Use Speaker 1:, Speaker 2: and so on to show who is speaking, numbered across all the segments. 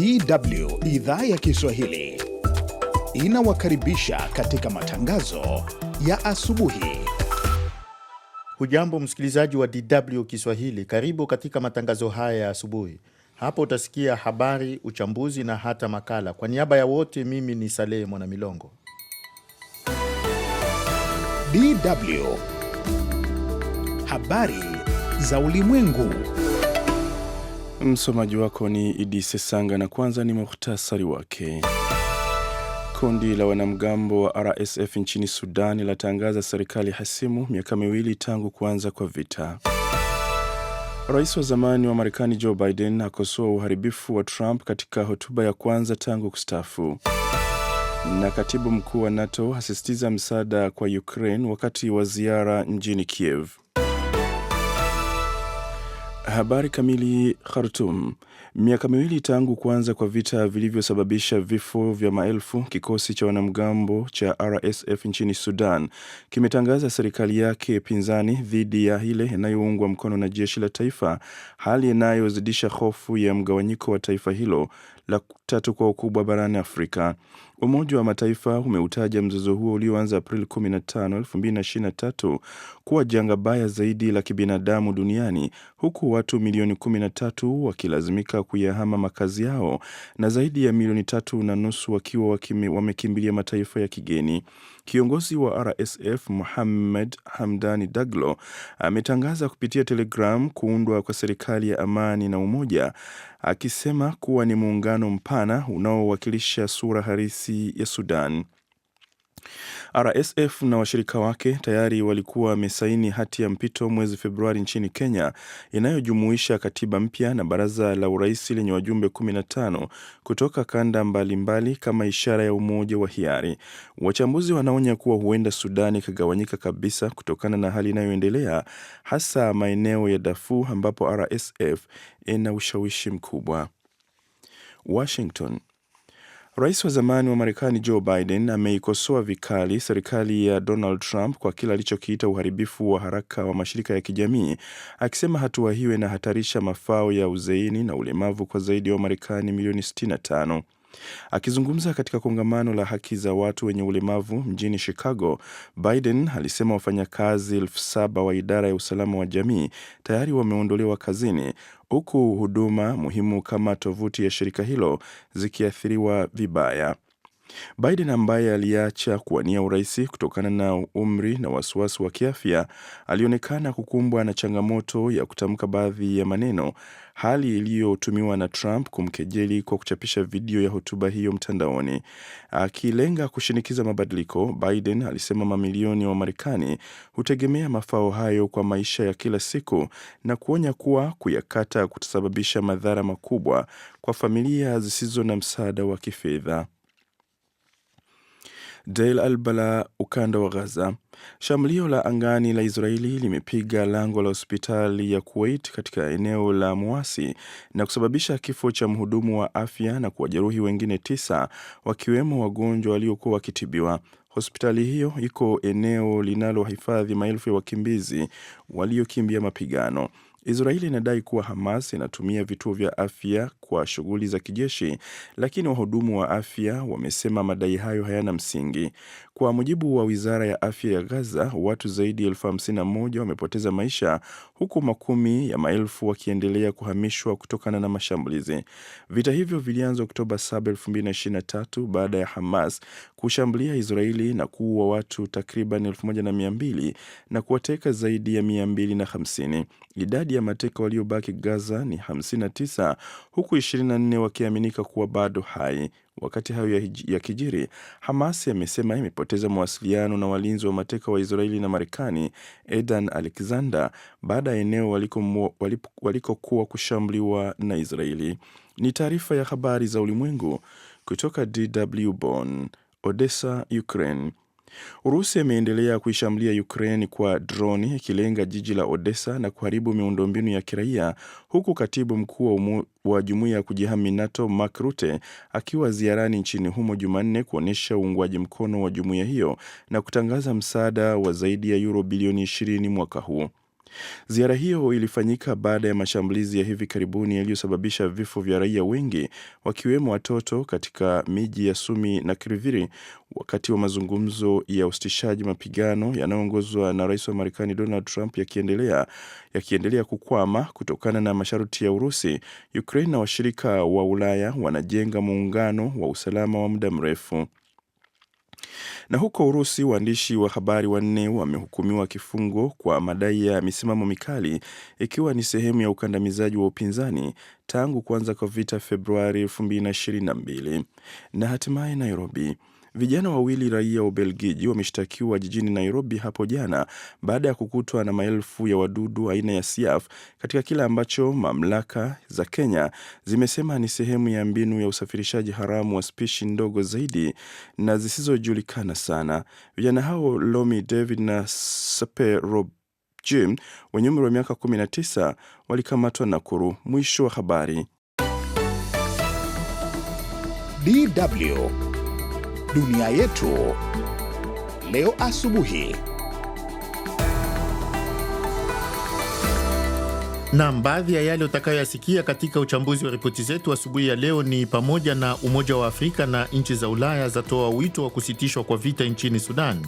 Speaker 1: DW idhaa ya Kiswahili inawakaribisha katika matangazo ya asubuhi. Hujambo msikilizaji wa DW Kiswahili, karibu katika matangazo haya ya asubuhi. Hapo utasikia habari, uchambuzi na hata makala. Kwa niaba ya wote, mimi ni Salehe Mwanamilongo. DW
Speaker 2: habari za ulimwengu. Msomaji wako ni Idi Sesanga na kwanza ni muhtasari wake. Kundi la wanamgambo wa RSF nchini Sudan latangaza serikali hasimu miaka miwili tangu kuanza kwa vita. Rais wa zamani wa Marekani Joe Biden akosoa uharibifu wa Trump katika hotuba ya kwanza tangu kustaafu. Na katibu mkuu wa NATO asisitiza msaada kwa Ukraine wakati wa ziara mjini Kiev. Habari kamili. khartum Miaka miwili tangu kuanza kwa vita vilivyosababisha vifo vya maelfu, kikosi cha wanamgambo cha RSF nchini Sudan kimetangaza serikali yake pinzani dhidi ya ile inayoungwa mkono na jeshi la taifa, hali inayozidisha hofu ya mgawanyiko wa taifa hilo la tatu kwa ukubwa barani Afrika. Umoja wa Mataifa umeutaja mzozo huo ulioanza Aprili 15, 2023 kuwa janga baya zaidi la kibinadamu duniani huku watu milioni 13 wakilazimika kuyahama makazi yao na zaidi ya milioni tatu na nusu wakiwa wamekimbilia mataifa ya kigeni. Kiongozi wa RSF muhamed Hamdani Daglo ametangaza kupitia Telegram kuundwa kwa serikali ya amani na umoja akisema kuwa ni muungano mpana unaowakilisha sura halisi ya Sudan. RSF na washirika wake tayari walikuwa wamesaini hati ya mpito mwezi Februari nchini Kenya inayojumuisha katiba mpya na baraza la urais lenye wajumbe 15 kutoka kanda mbalimbali mbali kama ishara ya umoja wa hiari. Wachambuzi wanaonya kuwa huenda Sudan ikagawanyika kabisa kutokana na hali inayoendelea hasa maeneo ya dafu ambapo RSF ina ushawishi mkubwa. Washington Rais wa zamani wa Marekani Joe Biden ameikosoa vikali serikali ya Donald Trump kwa kile alichokiita uharibifu wa haraka wa mashirika ya kijamii, akisema hatua hiyo inahatarisha mafao ya uzeini na ulemavu kwa zaidi ya Wamarekani milioni 65. Akizungumza katika kongamano la haki za watu wenye ulemavu mjini Chicago, Biden alisema wafanyakazi elfu saba wa idara ya usalama wa jamii tayari wameondolewa kazini huku huduma muhimu kama tovuti ya shirika hilo zikiathiriwa vibaya. Biden ambaye aliacha kuwania uraisi kutokana na umri na wasiwasi wa kiafya alionekana kukumbwa na changamoto ya kutamka baadhi ya maneno hali iliyotumiwa na Trump kumkejeli kwa kuchapisha video ya hotuba hiyo mtandaoni. Akilenga kushinikiza mabadiliko, Biden alisema mamilioni wa marekani hutegemea mafao hayo kwa maisha ya kila siku na kuonya kuwa kuyakata kutasababisha madhara makubwa kwa familia zisizo na msaada wa kifedha. Deir al bala ukanda wa Gaza. Shambulio la angani la Israeli limepiga lango la hospitali ya Kuwait katika eneo la Muasi na kusababisha kifo cha mhudumu wa afya na kuwajeruhi wengine tisa, wakiwemo wagonjwa waliokuwa wakitibiwa. Hospitali hiyo iko eneo linalohifadhi maelfu ya wakimbizi waliokimbia mapigano. Israeli inadai kuwa Hamas inatumia vituo vya afya kwa shughuli za kijeshi, lakini wahudumu wa afya wamesema madai hayo hayana msingi. Kwa mujibu wa wizara ya afya ya Gaza, watu zaidi ya elfu hamsini na moja wamepoteza maisha huku makumi ya maelfu wakiendelea kuhamishwa kutokana na mashambulizi. Vita hivyo vilianza Oktoba 7, 2023 baada ya Hamas kushambulia Israeli na kuua watu takriban 1200 na kuwateka zaidi ya 250. Idadi zaidi ya mateka waliobaki Gaza ni 59 huku 24 wakiaminika kuwa bado hai. Wakati hayo ya kijiri Hamas amesema imepoteza mawasiliano na walinzi wa mateka wa Israeli na Marekani, Edan Alexander, baada ya eneo walikokuwa waliko kushambuliwa na Israeli. Ni taarifa ya habari za ulimwengu kutoka DW Bonn, Odessa, Ukraine. Urusi imeendelea kuishambulia Ukraine kwa droni ikilenga jiji la Odessa na kuharibu miundombinu ya kiraia, huku katibu mkuu wa jumuiya ya kujihami NATO Mark Rutte akiwa ziarani nchini humo Jumanne kuonyesha uungwaji mkono wa jumuiya hiyo na kutangaza msaada wa zaidi ya yuro bilioni 20 mwaka huu. Ziara hiyo ilifanyika baada ya mashambulizi ya hivi karibuni yaliyosababisha vifo vya raia wengi wakiwemo watoto katika miji ya Sumi na Kiriviri wakati wa mazungumzo ya usitishaji mapigano yanayoongozwa na Rais wa Marekani Donald Trump yakiendelea yakiendelea kukwama kutokana na masharti ya Urusi, Ukraine na washirika wa Ulaya wanajenga muungano wa usalama wa muda mrefu. Na huko Urusi, waandishi wa habari wanne wamehukumiwa kifungo kwa madai ya misimamo mikali, ikiwa ni sehemu ya ukandamizaji wa upinzani tangu kuanza kwa vita Februari 2022. Na hatimaye Nairobi, Vijana wawili raia wa Ubelgiji wameshtakiwa jijini Nairobi hapo jana baada ya kukutwa na maelfu ya wadudu aina ya siaf katika kile ambacho mamlaka za Kenya zimesema ni sehemu ya mbinu ya usafirishaji haramu wa spishi ndogo zaidi na zisizojulikana sana. Vijana hao Lomi David na Saperob Jim wenye umri wa miaka 19 walikamatwa Nakuru. Mwisho wa habari. DW Dunia Yetu
Speaker 3: leo asubuhi. Nam, baadhi ya yale utakayoyasikia katika uchambuzi wa ripoti zetu asubuhi ya leo ni pamoja na Umoja wa Afrika na nchi za Ulaya zatoa wito wa kusitishwa kwa vita nchini Sudan.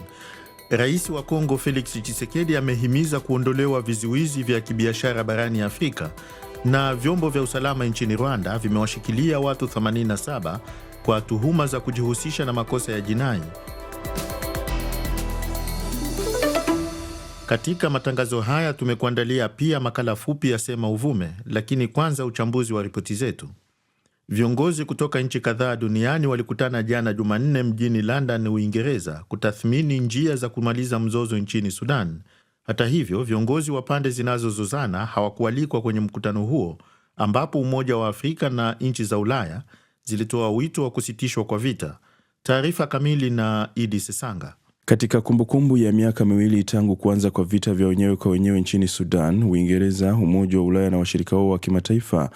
Speaker 3: Rais wa Kongo Felix Tshisekedi amehimiza kuondolewa vizuizi vya kibiashara barani Afrika, na vyombo vya usalama nchini Rwanda vimewashikilia watu 87 kwa tuhuma za kujihusisha na makosa ya jinai. Katika matangazo haya tumekuandalia pia makala fupi ya Sema Uvume, lakini kwanza uchambuzi wa ripoti zetu. Viongozi kutoka nchi kadhaa duniani walikutana jana Jumanne mjini London, Uingereza, kutathmini njia za kumaliza mzozo nchini Sudan. Hata hivyo, viongozi wa pande zinazozozana hawakualikwa kwenye mkutano huo, ambapo Umoja wa Afrika na nchi za Ulaya zilitoa wito wa kusitishwa kwa vita. Taarifa kamili na Idi Sesanga.
Speaker 4: Katika kumbukumbu ya miaka miwili tangu kuanza kwa vita vya wenyewe kwa wenyewe nchini Sudan, Uingereza, Umoja wa Ulaya na washirika wao wa kimataifa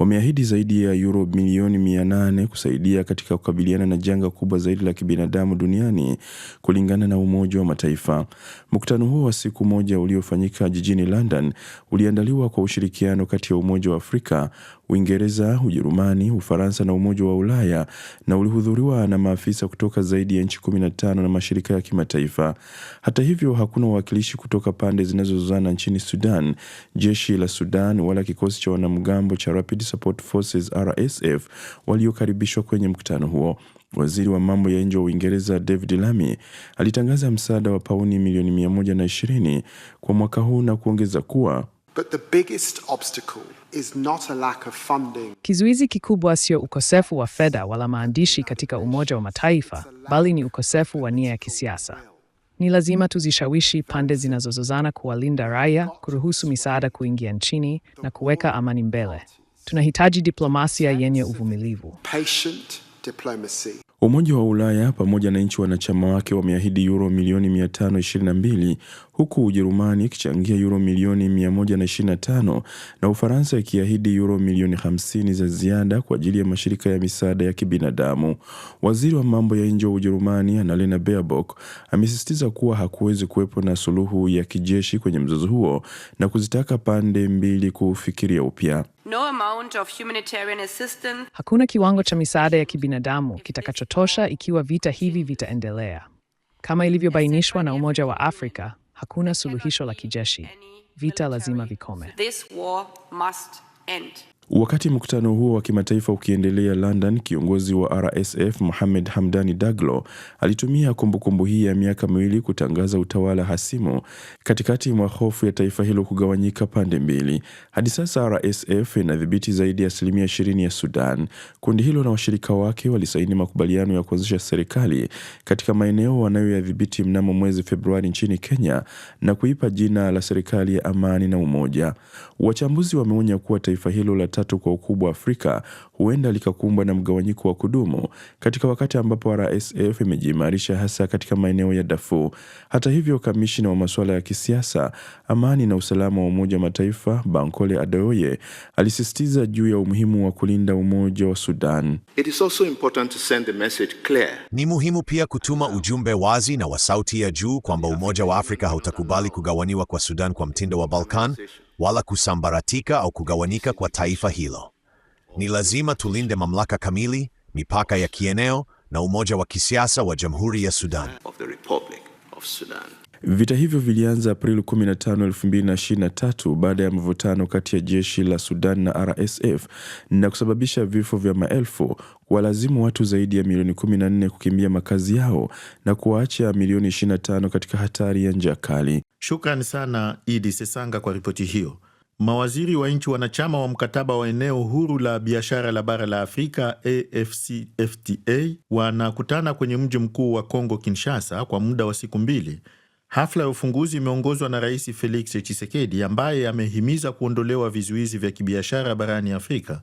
Speaker 4: wameahidi zaidi ya euro milioni mia nane kusaidia katika kukabiliana na janga kubwa zaidi la kibinadamu duniani kulingana na Umoja wa Mataifa. Mkutano huo wa siku moja uliofanyika jijini London uliandaliwa kwa ushirikiano kati ya Umoja wa Afrika, Uingereza, Ujerumani, Ufaransa na Umoja wa Ulaya na ulihudhuriwa na maafisa kutoka zaidi ya nchi 15 na mashirika ya kimataifa. Hata hivyo, hakuna uwakilishi kutoka pande zinazozozana nchini Sudan, jeshi la Sudan wala kikosi cha wanamgambo cha Rapid Support Forces RSF waliokaribishwa kwenye mkutano huo. Waziri wa mambo ya nje wa Uingereza David Lammy alitangaza msaada wa pauni milioni 120 kwa mwaka huu na kuongeza kuwa But the biggest obstacle
Speaker 5: is not a lack of funding. Kizuizi kikubwa sio ukosefu wa fedha wala maandishi katika Umoja wa Mataifa, bali ni ukosefu wa nia ya kisiasa. Ni lazima tuzishawishi pande zinazozozana kuwalinda raia, kuruhusu misaada kuingia nchini na kuweka amani mbele. Tunahitaji diplomasia yenye uvumilivu.
Speaker 4: Umoja wa Ulaya pamoja na nchi wanachama wake wameahidi yuro milioni 522 huku Ujerumani ikichangia euro milioni 125 na Ufaransa ikiahidi euro milioni 50 za ziada kwa ajili ya mashirika ya misaada ya kibinadamu. Waziri wa mambo ya nje wa Ujerumani Annalena Baerbock amesisitiza kuwa hakuwezi kuwepo na suluhu ya kijeshi kwenye mzozo huo na kuzitaka pande mbili kufikiria upya. No amount of
Speaker 5: humanitarian assistance. Hakuna kiwango cha misaada ya kibinadamu kitakachotosha ikiwa vita hivi vitaendelea. Kama ilivyobainishwa na Umoja wa Afrika, Hakuna suluhisho la kijeshi. Vita lazima vikome. This war
Speaker 4: must end. Wakati mkutano huo wa kimataifa ukiendelea London, kiongozi wa RSF Mohamed Hamdani Daglo alitumia kumbukumbu hii ya miaka miwili kutangaza utawala hasimu katikati mwa hofu ya taifa hilo kugawanyika pande mbili. Hadi sasa RSF inadhibiti zaidi ya asilimia ishirini ya Sudan. Kundi hilo na washirika wake walisaini makubaliano ya kuanzisha serikali katika maeneo wanayoyadhibiti mnamo mwezi Februari nchini Kenya na kuipa jina la serikali ya amani na umoja. Wachambuzi wameonya kuwa taifa hilo la tatu kwa ukubwa Afrika huenda likakumbwa na mgawanyiko wa kudumu katika wakati ambapo RSF imejiimarisha hasa katika maeneo ya Darfur. Hata hivyo, kamishina wa masuala ya kisiasa, amani na usalama wa Umoja wa Mataifa Bankole Adeoye alisisitiza juu ya umuhimu wa kulinda umoja wa Sudan. It is also important to
Speaker 6: send the message clear. Ni muhimu pia kutuma ujumbe wazi na wa sauti ya juu kwamba Umoja wa Afrika hautakubali kugawaniwa kwa Sudan kwa mtindo wa Balkan wala kusambaratika au kugawanika kwa taifa hilo. Ni lazima tulinde mamlaka kamili, mipaka ya kieneo na umoja wa kisiasa wa Jamhuri ya Sudan of the Republic
Speaker 4: of Sudan. Vita hivyo vilianza Aprili 15, 2023 baada ya mvutano kati ya jeshi la Sudan na RSF na kusababisha vifo vya maelfu, kuwalazimu watu zaidi ya milioni 14 kukimbia makazi yao na kuwaacha milioni 25 katika hatari ya njaa kali.
Speaker 7: Shukrani sana Idi Sesanga kwa ripoti hiyo. Mawaziri wa nchi wanachama wa mkataba wa eneo huru la biashara la bara la Afrika AfCFTA wanakutana kwenye mji mkuu wa Kongo Kinshasa kwa muda wa siku mbili Hafla ya ufunguzi imeongozwa na Rais Felix Tshisekedi ambaye amehimiza kuondolewa vizuizi vya kibiashara barani Afrika.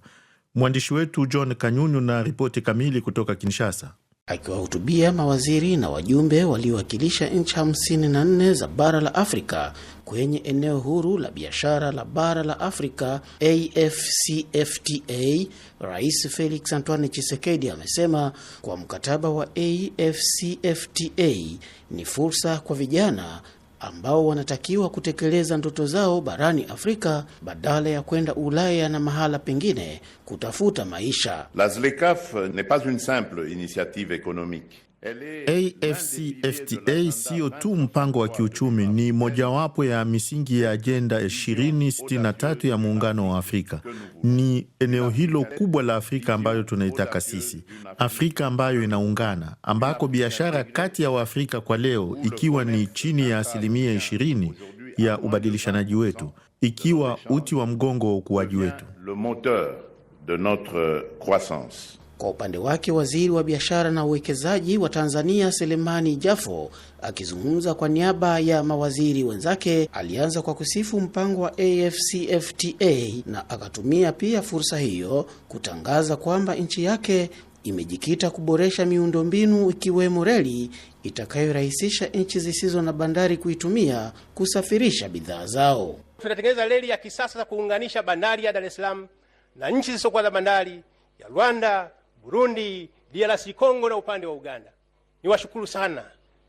Speaker 7: Mwandishi wetu John Kanyunyu na ripoti kamili kutoka Kinshasa.
Speaker 8: Akiwahutubia mawaziri na wajumbe waliowakilisha nchi 54 za bara la Afrika kwenye eneo huru la biashara la bara la Afrika AfCFTA, Rais Felix Antoine chisekedi amesema kwa mkataba wa AfCFTA ni fursa kwa vijana ambao wanatakiwa kutekeleza ndoto zao barani Afrika badala ya kwenda Ulaya na mahala pengine kutafuta maisha. La ZLECAf n'est pas une simple
Speaker 9: initiative économique. AfCFTA siyo tu mpango wa kiuchumi, ni mojawapo ya misingi ya ajenda 2063 ya muungano wa Afrika. Ni eneo hilo kubwa la Afrika ambayo tunaitaka sisi, Afrika ambayo inaungana, ambako biashara kati ya Waafrika kwa leo ikiwa ni chini ya asilimia 20 ya ubadilishanaji wetu, ikiwa uti wa mgongo wa ukuaji wetu.
Speaker 10: Kwa upande wake waziri wa biashara na uwekezaji wa Tanzania Selemani Jafo akizungumza kwa niaba ya mawaziri wenzake alianza kwa kusifu mpango wa AfCFTA na akatumia pia fursa hiyo kutangaza kwamba nchi yake imejikita kuboresha miundombinu ikiwemo reli itakayorahisisha nchi zisizo na bandari kuitumia kusafirisha bidhaa zao.
Speaker 11: Tunatengeneza reli ya kisasa za kuunganisha bandari ya Dar es Salaam na nchi zisizokuwa za bandari ya Rwanda, Burundi, DRC Congo na upande wa Uganda. Niwashukuru sana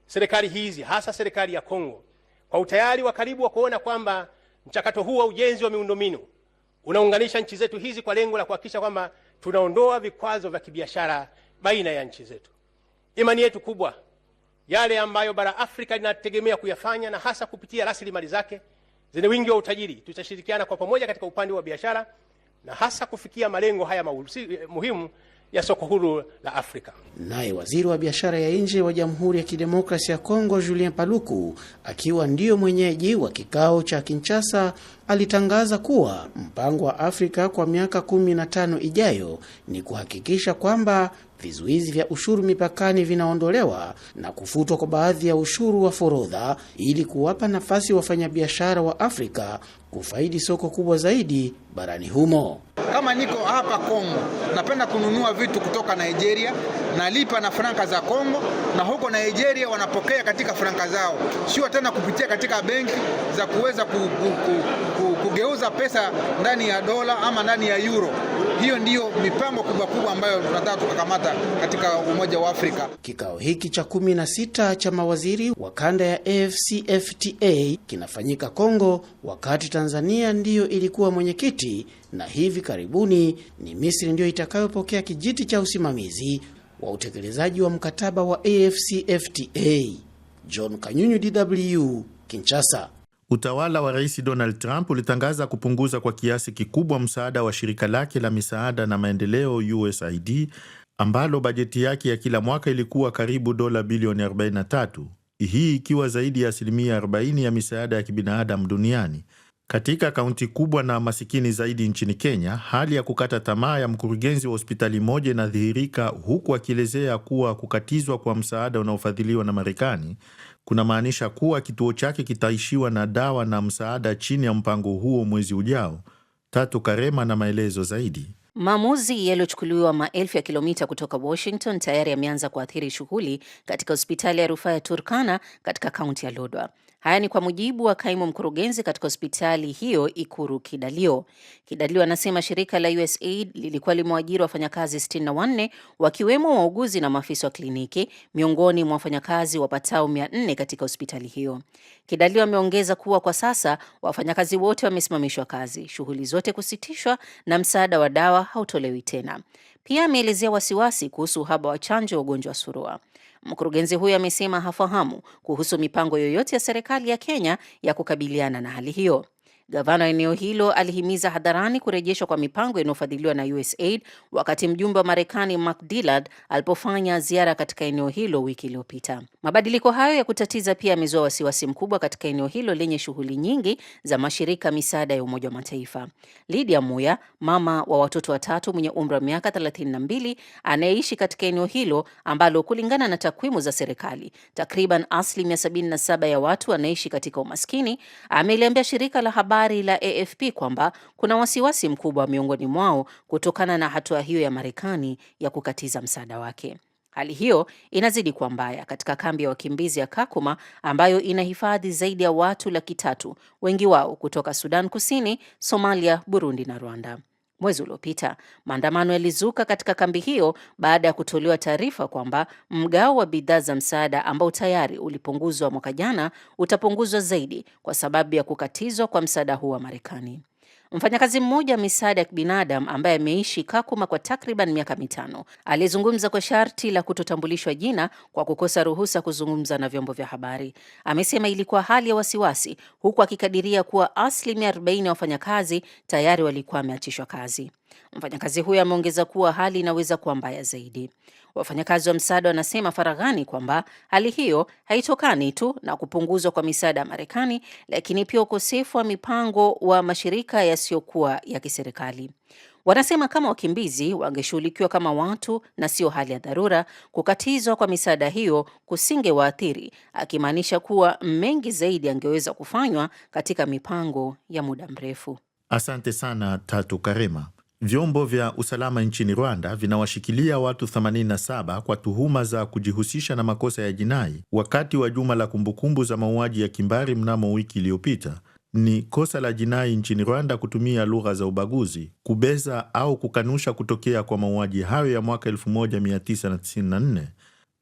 Speaker 11: serikali hizi, hasa serikali ya Congo kwa utayari wa karibu wa kuona kwamba mchakato huu wa ujenzi wa miundombinu unaunganisha nchi zetu hizi kwa lengo la kuhakikisha kwamba tunaondoa vikwazo vya kibiashara baina ya nchi zetu. Imani yetu kubwa yale ambayo bara Afrika linategemea kuyafanya na hasa kupitia rasilimali zake zenye wingi wa utajiri, tutashirikiana kwa pamoja katika upande wa biashara na hasa kufikia malengo haya eh, muhimu ya soko huru la Afrika.
Speaker 10: Naye waziri wa biashara ya nje wa Jamhuri ya kidemokrasi ya Kongo Julien Paluku, akiwa ndiyo mwenyeji wa kikao cha Kinshasa alitangaza kuwa mpango wa Afrika kwa miaka 15 ijayo ni kuhakikisha kwamba vizuizi vya ushuru mipakani vinaondolewa na kufutwa kwa baadhi ya ushuru wa forodha ili kuwapa nafasi wafanyabiashara wa Afrika kufaidi soko kubwa zaidi barani humo.
Speaker 12: Kama niko hapa Kongo, napenda kununua vitu kutoka Nigeria, nalipa na franka za Kongo, na huko Nigeria wanapokea katika franka zao, sio tena kupitia katika benki za kuweza ku, ku, ku kugeuza pesa ndani ya dola ama ndani ya euro. Hiyo ndiyo mipango kubwa kubwa ambayo tunataka tukakamata katika Umoja wa Afrika.
Speaker 10: Kikao hiki cha kumi na sita cha mawaziri wa kanda ya AfCFTA kinafanyika Kongo, wakati Tanzania ndiyo ilikuwa mwenyekiti na hivi karibuni ni Misri ndiyo itakayopokea kijiti cha usimamizi wa utekelezaji wa mkataba wa AfCFTA. John Kanyunyu, DW, Kinshasa.
Speaker 7: Utawala wa Rais Donald Trump ulitangaza kupunguza kwa kiasi kikubwa msaada wa shirika lake la misaada na maendeleo USAID ambalo bajeti yake ya kila mwaka ilikuwa karibu dola bilioni 43, hii ikiwa zaidi ya asilimia 40 ya misaada ya kibinadamu duniani. Katika kaunti kubwa na masikini zaidi nchini Kenya, hali ya kukata tamaa ya mkurugenzi wa hospitali moja inadhihirika, huku akielezea kuwa kukatizwa kwa msaada unaofadhiliwa na Marekani kunamaanisha kuwa kituo chake kitaishiwa na dawa na msaada chini ya mpango huo mwezi ujao. Tatu Karema na maelezo zaidi.
Speaker 13: Maamuzi yaliyochukuliwa maelfu ya kilomita kutoka Washington tayari yameanza kuathiri shughuli katika hospitali ya rufaa ya Turkana katika kaunti ya Lodwar. Haya ni kwa mujibu wa kaimu mkurugenzi katika hospitali hiyo Ikuru Kidalio. Kidalio anasema shirika la USAID lilikuwa limewajiri wafanyakazi 64 wakiwemo wauguzi na maafisa wa kliniki miongoni mwa wafanyakazi wapatao 400 katika hospitali hiyo. Kidalio ameongeza kuwa kwa sasa wafanyakazi wote wamesimamishwa kazi, shughuli zote kusitishwa na msaada wa dawa hautolewi tena. Pia ameelezea wasiwasi kuhusu uhaba wa chanjo ya ugonjwa wa surua. Mkurugenzi huyo amesema hafahamu kuhusu mipango yoyote ya serikali ya Kenya ya kukabiliana na hali hiyo. Gavana wa eneo hilo alihimiza hadharani kurejeshwa kwa mipango inayofadhiliwa na USAID wakati mjumbe wa Marekani Mark Dillard alipofanya ziara katika eneo hilo wiki iliyopita. Mabadiliko hayo ya kutatiza pia yamezua wasiwasi mkubwa katika eneo hilo lenye shughuli nyingi za mashirika misaada ya Umoja wa Mataifa. Lydia Muya, mama wa watoto watatu mwenye umri wa miaka 32 anayeishi katika eneo hilo ambalo kulingana na takwimu za serikali takriban asilimia 77 ya watu wanaishi katika umaskini, ameliambia shirika la habari habari la AFP kwamba kuna wasiwasi mkubwa miongoni mwao kutokana na hatua hiyo ya Marekani ya kukatiza msaada wake. Hali hiyo inazidi kuwa mbaya katika kambi ya wakimbizi ya Kakuma ambayo inahifadhi zaidi ya watu laki tatu, wengi wao kutoka Sudan Kusini, Somalia, Burundi na Rwanda. Mwezi uliopita maandamano yalizuka katika kambi hiyo baada ya kutolewa taarifa kwamba mgao wa bidhaa za msaada ambao tayari ulipunguzwa mwaka jana utapunguzwa zaidi kwa sababu ya kukatizwa kwa msaada huu wa Marekani. Mfanyakazi mmoja wa misaada ya kibinadamu ambaye ameishi Kakuma kwa takriban miaka mitano aliyezungumza kwa sharti la kutotambulishwa jina kwa kukosa ruhusa kuzungumza na vyombo vya habari amesema ilikuwa hali ya wasiwasi, huku akikadiria kuwa asilimia 40 ya wafanyakazi tayari walikuwa wameachishwa kazi. Mfanyakazi huyo ameongeza kuwa hali inaweza kuwa mbaya zaidi. Wafanyakazi wa msaada wanasema faraghani kwamba hali hiyo haitokani tu na kupunguzwa kwa misaada ya Marekani, lakini pia ukosefu wa mipango wa mashirika yasiyokuwa ya kiserikali. Wanasema kama wakimbizi wangeshughulikiwa kama watu na sio hali ya dharura, kukatizwa kwa misaada hiyo kusingewaathiri, akimaanisha kuwa mengi zaidi angeweza kufanywa katika mipango ya muda mrefu.
Speaker 7: Asante sana Tatu Karema. Vyombo vya usalama nchini Rwanda vinawashikilia watu 87 kwa tuhuma za kujihusisha na makosa ya jinai wakati wa juma la kumbukumbu za mauaji ya kimbari mnamo wiki iliyopita. Ni kosa la jinai nchini Rwanda kutumia lugha za ubaguzi, kubeza au kukanusha kutokea kwa mauaji hayo ya mwaka 1994.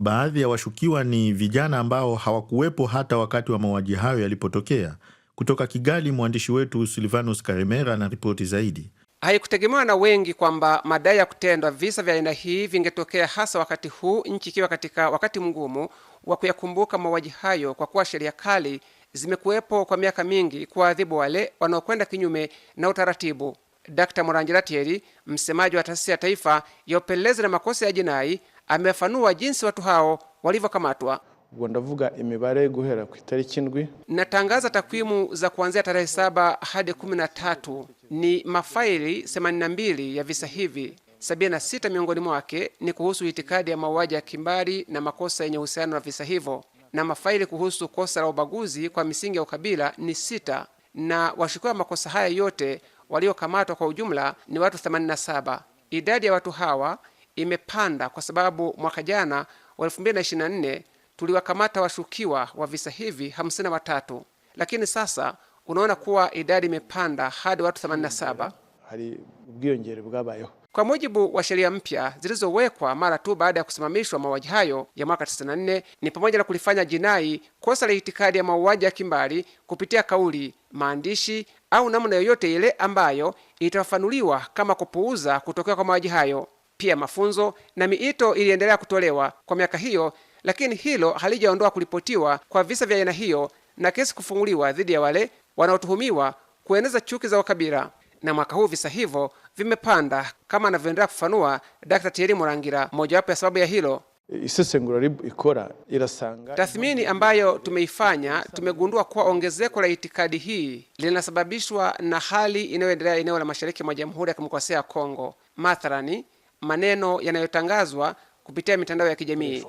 Speaker 7: Baadhi ya washukiwa ni vijana ambao hawakuwepo hata wakati wa mauaji hayo yalipotokea. Kutoka Kigali, mwandishi wetu Silvanus Karemera ana ripoti zaidi.
Speaker 14: Haikutegemewa na wengi kwamba madai ya kutendwa visa vya aina hii vingetokea hasa wakati huu nchi ikiwa katika wakati mgumu wa kuyakumbuka mauaji hayo, kwa kuwa sheria kali zimekuwepo kwa miaka mingi kuwaadhibu wale wanaokwenda kinyume na utaratibu. d Murangira Thierry, msemaji wa taasisi ya taifa ya upelelezi na makosa ya jinai, amefanua jinsi watu hao walivyokamatwa.
Speaker 15: ndavuga imibare guhera ku itariki ndwi,
Speaker 14: natangaza takwimu za kuanzia tarehe saba hadi kumi na tatu ni mafaili 82 ya visa hivi, 76 miongoni mwake ni kuhusu itikadi ya mauaji ya kimbari na makosa yenye uhusiano na visa hivyo, na mafaili kuhusu kosa la ubaguzi kwa misingi ya ukabila ni sita, na washukiwa wa makosa haya yote waliokamatwa kwa ujumla ni watu 87. Idadi ya watu hawa imepanda kwa sababu mwaka jana wa 2024 tuliwakamata washukiwa wa visa hivi 53, lakini sasa unaona kuwa idadi imepanda hadi watu 87 kwa mujibu wa sheria mpya zilizowekwa mara tu baada ya kusimamishwa mauaji hayo ya mwaka 94 ni pamoja na kulifanya jinai kosa la itikadi ya mauaji ya kimbali kupitia kauli, maandishi au namna yoyote ile ambayo itafanuliwa kama kupuuza kutokea kwa mauaji hayo. Pia mafunzo na miito iliendelea kutolewa kwa miaka hiyo, lakini hilo halijaondoa kuripotiwa kwa visa vya aina hiyo na kesi kufunguliwa dhidi ya wale wanaotuhumiwa kueneza chuki za ukabila, na mwaka huu visa hivyo vimepanda, kama anavyoendelea kufanua Dr. Thierry Murangira. Mojawapo ya sababu ya hilo tathmini ambayo tumeifanya tumegundua kuwa ongezeko la itikadi hii linasababishwa na hali inayoendelea eneo la mashariki mwa Jamhuri ya Kidemokrasia ya Kongo, mathalani maneno yanayotangazwa kupitia mitandao ya kijamii,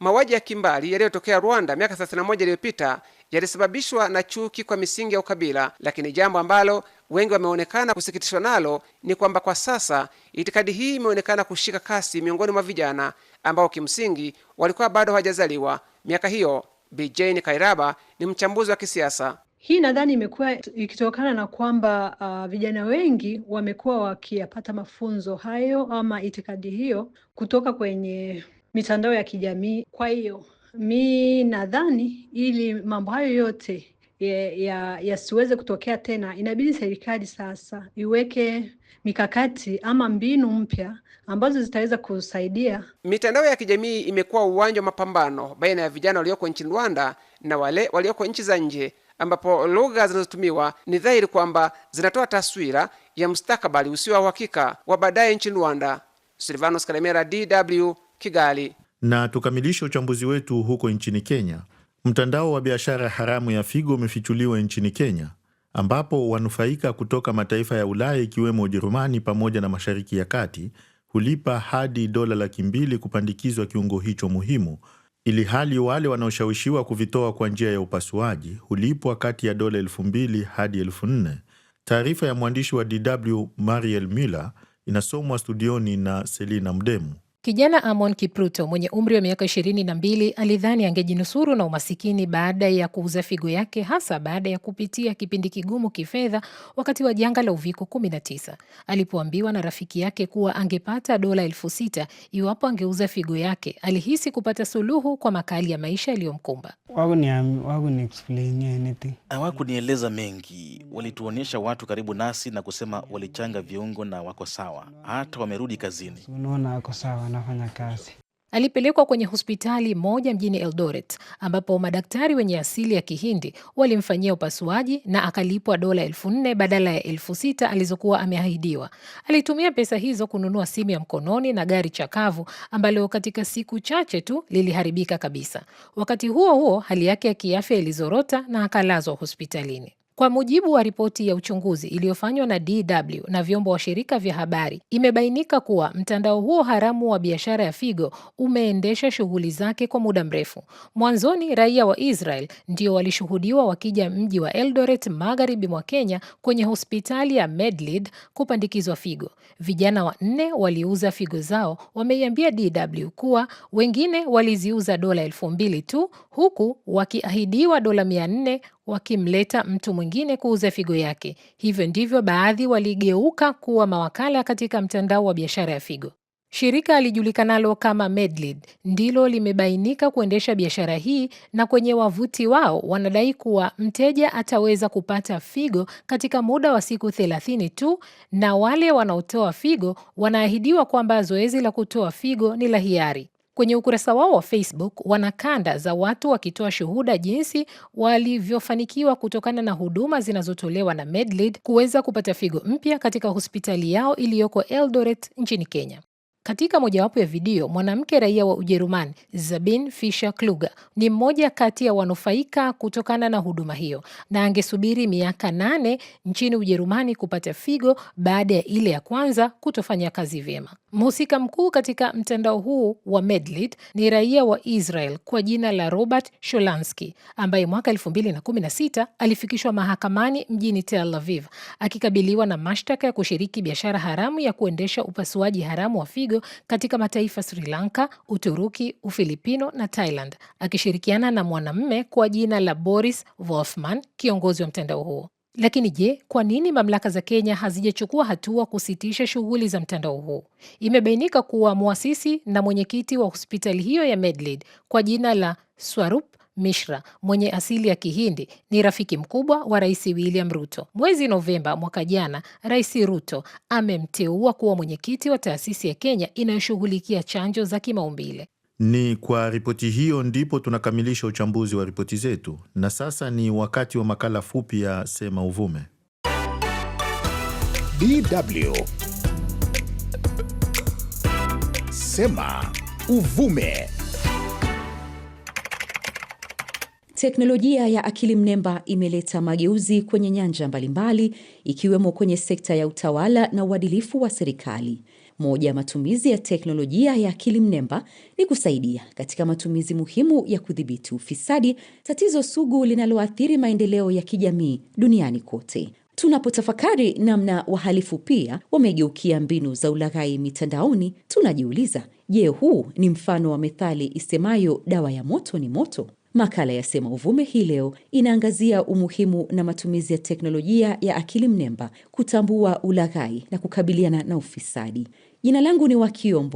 Speaker 14: mauaji ya kimbali yaliyotokea Rwanda miaka 31 iliyopita yalisababishwa na chuki kwa misingi ya ukabila, lakini jambo ambalo wengi wameonekana kusikitishwa nalo ni kwamba kwa sasa itikadi hii imeonekana kushika kasi miongoni mwa vijana ambao kimsingi walikuwa bado hawajazaliwa miaka hiyo. bjn Kairaba ni mchambuzi wa kisiasa.
Speaker 16: Hii nadhani imekuwa ikitokana na kwamba uh, vijana wengi wamekuwa wakiyapata mafunzo hayo ama itikadi hiyo kutoka kwenye mitandao ya kijamii, kwa hiyo mi nadhani ili mambo hayo yote yasiweze ya, ya kutokea tena, inabidi serikali sasa iweke mikakati ama mbinu mpya ambazo zitaweza kusaidia.
Speaker 14: Mitandao ya kijamii imekuwa uwanja wa mapambano baina ya vijana walioko nchini Rwanda na wale walioko nchi za nje, ambapo lugha zinazotumiwa ni dhahiri kwamba zinatoa taswira ya mustakabali usio wa uhakika wa baadaye nchini Rwanda. Silvanos Karemera, DW, Kigali.
Speaker 7: Na tukamilishe uchambuzi wetu huko nchini Kenya. Mtandao wa biashara haramu ya figo umefichuliwa nchini Kenya, ambapo wanufaika kutoka mataifa ya Ulaya ikiwemo Ujerumani pamoja na Mashariki ya Kati hulipa hadi dola laki mbili kupandikizwa kiungo hicho muhimu, ili hali wale wanaoshawishiwa kuvitoa kwa njia ya upasuaji hulipwa kati ya dola elfu mbili hadi elfu nne. Taarifa ya mwandishi wa DW Mariel Miller inasomwa studioni na Selina Mdemu.
Speaker 17: Kijana Amon Kipruto mwenye umri wa miaka ishirini na mbili alidhani angejinusuru na umasikini baada ya kuuza figo yake hasa baada ya kupitia kipindi kigumu kifedha wakati wa janga la Uviko 19 alipoambiwa na rafiki yake kuwa angepata dola elfu sita iwapo angeuza figo yake. Alihisi kupata suluhu kwa makali ya maisha yaliyomkumba.
Speaker 18: Hawakunieleza mengi, walituonyesha watu karibu nasi na kusema walichanga viungo na wako sawa, hata wamerudi kazini. Unaona, wako sawa
Speaker 17: wanafanya kazi. Alipelekwa kwenye hospitali moja mjini Eldoret ambapo madaktari wenye asili ya Kihindi walimfanyia upasuaji na akalipwa dola elfu nne badala ya elfu sita alizokuwa ameahidiwa. Alitumia pesa hizo kununua simu ya mkononi na gari chakavu ambalo katika siku chache tu liliharibika kabisa. Wakati huo huo, hali yake ya kiafya ilizorota na akalazwa hospitalini. Kwa mujibu wa ripoti ya uchunguzi iliyofanywa na DW na vyombo washirika vya habari, imebainika kuwa mtandao huo haramu wa biashara ya figo umeendesha shughuli zake kwa muda mrefu. Mwanzoni, raia wa Israel ndio walishuhudiwa wakija mji wa Eldoret, magharibi mwa Kenya, kwenye hospitali ya Medlid kupandikizwa figo. Vijana wanne waliuza figo zao wameiambia DW kuwa wengine waliziuza dola elfu mbili tu huku wakiahidiwa dola mia nne wakimleta mtu mwingine kuuza figo yake. Hivyo ndivyo baadhi waligeuka kuwa mawakala katika mtandao wa biashara ya figo. Shirika lijulikanalo kama Medlid ndilo limebainika kuendesha biashara hii, na kwenye wavuti wao wanadai kuwa mteja ataweza kupata figo katika muda wa siku 30 tu, na wale wanaotoa figo wanaahidiwa kwamba zoezi la kutoa figo ni la hiari. Kwenye ukurasa wao wa Facebook wana kanda za watu wakitoa shuhuda jinsi walivyofanikiwa kutokana na huduma zinazotolewa na Medlead kuweza kupata figo mpya katika hospitali yao iliyoko Eldoret nchini Kenya. Katika mojawapo ya video, mwanamke raia wa Ujerumani Sabine Fischer Kluger ni mmoja kati ya wanufaika kutokana na huduma hiyo, na angesubiri miaka nane nchini Ujerumani kupata figo baada ya ile ya kwanza kutofanya kazi vyema. Mhusika mkuu katika mtandao huu wa Medlit ni raia wa Israel kwa jina la Robert Sholansky ambaye mwaka 2016 alifikishwa mahakamani mjini Tel Aviv akikabiliwa na mashtaka ya kushiriki biashara haramu ya kuendesha upasuaji haramu wa figo katika mataifa Sri Lanka, Uturuki, Ufilipino na Thailand akishirikiana na mwanamme kwa jina la Boris Wolfman, kiongozi wa mtandao huo. Lakini je, kwa nini mamlaka za Kenya hazijachukua hatua kusitisha shughuli za mtandao huu? Imebainika kuwa mwasisi na mwenyekiti wa hospitali hiyo ya Medlid kwa jina la Swarup Mishra mwenye asili ya Kihindi ni rafiki mkubwa wa Rais William Ruto. Mwezi Novemba mwaka jana, Rais Ruto amemteua kuwa mwenyekiti wa taasisi ya Kenya inayoshughulikia chanjo za kimaumbile.
Speaker 7: Ni kwa ripoti hiyo ndipo tunakamilisha uchambuzi wa ripoti zetu, na sasa ni wakati wa makala fupi ya Sema Uvume. DW
Speaker 19: Sema Uvume. Teknolojia ya akili mnemba imeleta mageuzi kwenye nyanja mbalimbali ikiwemo kwenye sekta ya utawala na uadilifu wa serikali. Moja, matumizi ya teknolojia ya akili mnemba ni kusaidia katika matumizi muhimu ya kudhibiti ufisadi, tatizo sugu linaloathiri maendeleo ya kijamii duniani kote. Tunapotafakari namna wahalifu pia wamegeukia mbinu za ulaghai mitandaoni, tunajiuliza, je, huu ni mfano wa methali isemayo dawa ya moto ni moto? Makala ya Sema Uvume hii leo inaangazia umuhimu na matumizi ya teknolojia ya akili mnemba kutambua ulaghai na kukabiliana na ufisadi. Jina langu ni Wakio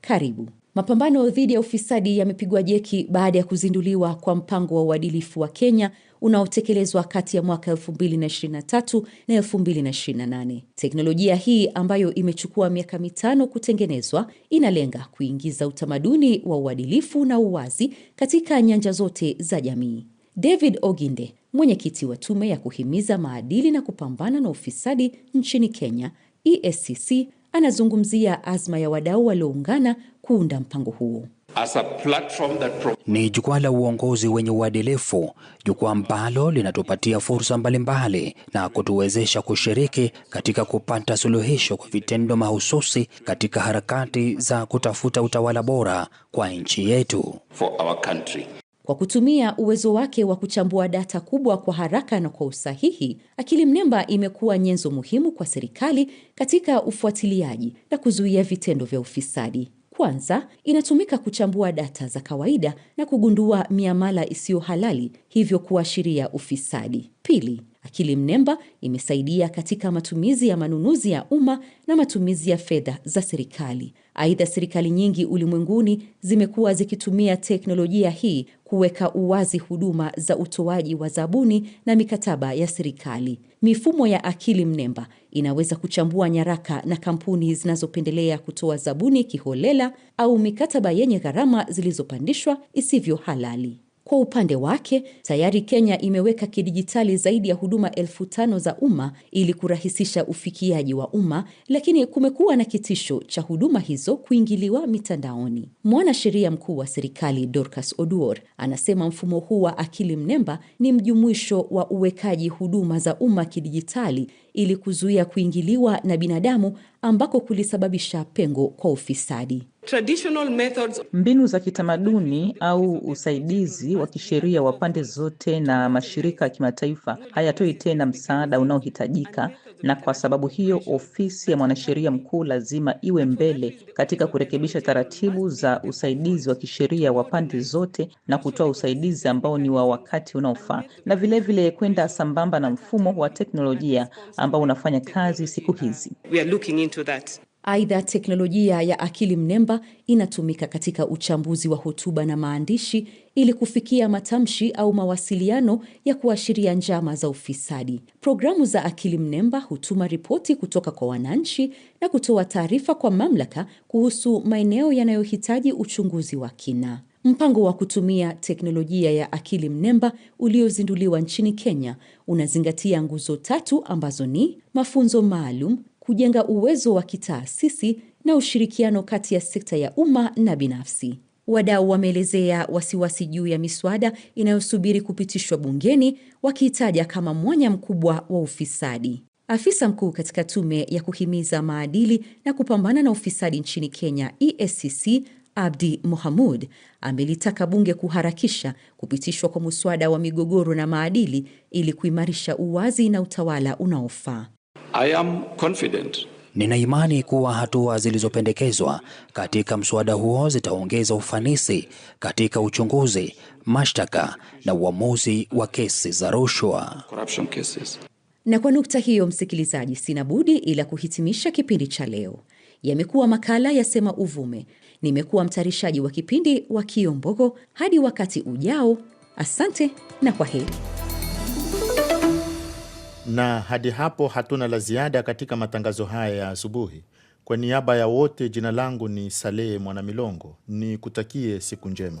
Speaker 19: karibu. Mapambano dhidi ya ufisadi yamepigwa jeki baada ya kuzinduliwa kwa mpango wa uadilifu wa Kenya unaotekelezwa kati ya mwaka 2023 na 2028. Teknolojia hii ambayo imechukua miaka mitano kutengenezwa inalenga kuingiza utamaduni wa uadilifu na uwazi katika nyanja zote za jamii. David Oginde, mwenyekiti wa tume ya kuhimiza maadili na kupambana na ufisadi nchini Kenya, EACC anazungumzia azma ya wadau walioungana kuunda mpango huo. As a platform
Speaker 20: that ni jukwaa la uongozi wenye uadilifu, jukwaa ambalo linatupatia fursa mbalimbali na kutuwezesha kushiriki katika kupata suluhisho kwa vitendo mahususi katika harakati za kutafuta utawala bora kwa nchi yetu. For our
Speaker 19: country. Kwa kutumia uwezo wake wa kuchambua data kubwa kwa haraka na kwa usahihi, akili mnemba imekuwa nyenzo muhimu kwa serikali katika ufuatiliaji na kuzuia vitendo vya ufisadi. Kwanza, inatumika kuchambua data za kawaida na kugundua miamala isiyo halali, hivyo kuashiria ufisadi. Pili, Akili mnemba imesaidia katika matumizi ya manunuzi ya umma na matumizi ya fedha za serikali. Aidha, serikali nyingi ulimwenguni zimekuwa zikitumia teknolojia hii kuweka uwazi huduma za utoaji wa zabuni na mikataba ya serikali. Mifumo ya akili mnemba inaweza kuchambua nyaraka na kampuni zinazopendelea kutoa zabuni kiholela au mikataba yenye gharama zilizopandishwa isivyo halali. Kwa upande wake, tayari Kenya imeweka kidijitali zaidi ya huduma elfu tano za umma ili kurahisisha ufikiaji wa umma, lakini kumekuwa na kitisho cha huduma hizo kuingiliwa mitandaoni. Mwanasheria mkuu wa serikali Dorcas Oduor anasema mfumo huu wa akili mnemba ni mjumuisho wa uwekaji huduma za umma kidijitali ili kuzuia kuingiliwa na binadamu ambako kulisababisha pengo kwa ufisadi. Traditional
Speaker 21: methods... mbinu za kitamaduni au usaidizi wa kisheria wa pande zote na mashirika ya kimataifa hayatoi tena msaada unaohitajika, na kwa sababu hiyo ofisi ya mwanasheria mkuu lazima iwe mbele katika kurekebisha taratibu za usaidizi wa kisheria wa pande zote na kutoa usaidizi ambao ni wa wakati unaofaa, na vilevile kwenda sambamba na mfumo wa teknolojia ambao unafanya kazi siku hizi. We are looking into
Speaker 19: that. Aidha, teknolojia ya akili mnemba inatumika katika uchambuzi wa hotuba na maandishi ili kufikia matamshi au mawasiliano ya kuashiria njama za ufisadi. Programu za akili mnemba hutuma ripoti kutoka kwa wananchi na kutoa taarifa kwa mamlaka kuhusu maeneo yanayohitaji uchunguzi wa kina. Mpango wa kutumia teknolojia ya akili mnemba uliozinduliwa nchini Kenya unazingatia nguzo tatu ambazo ni mafunzo maalum kujenga uwezo wa kitaasisi na ushirikiano kati ya sekta ya umma na binafsi. Wadau wameelezea wasiwasi juu ya miswada inayosubiri kupitishwa bungeni, wakiitaja kama mwanya mkubwa wa ufisadi. Afisa mkuu katika tume ya kuhimiza maadili na kupambana na ufisadi nchini Kenya, EACC, Abdi Mohamud amelitaka bunge kuharakisha kupitishwa kwa muswada wa migogoro na maadili ili kuimarisha uwazi na utawala unaofaa. I am
Speaker 22: confident. Nina imani kuwa hatua zilizopendekezwa katika mswada huo zitaongeza ufanisi katika uchunguzi, mashtaka na uamuzi wa kesi za rushwa.
Speaker 19: Na kwa nukta hiyo, msikilizaji, sina budi ila kuhitimisha kipindi cha leo. Yamekuwa makala yasema uvume. Nimekuwa mtayarishaji wa kipindi wa Kiombogo. Hadi wakati ujao, asante na kwa heri.
Speaker 7: Na hadi hapo hatuna la ziada katika matangazo haya ya asubuhi. Kwa niaba ya wote, jina langu ni Salehe Mwanamilongo, ni kutakie siku njema.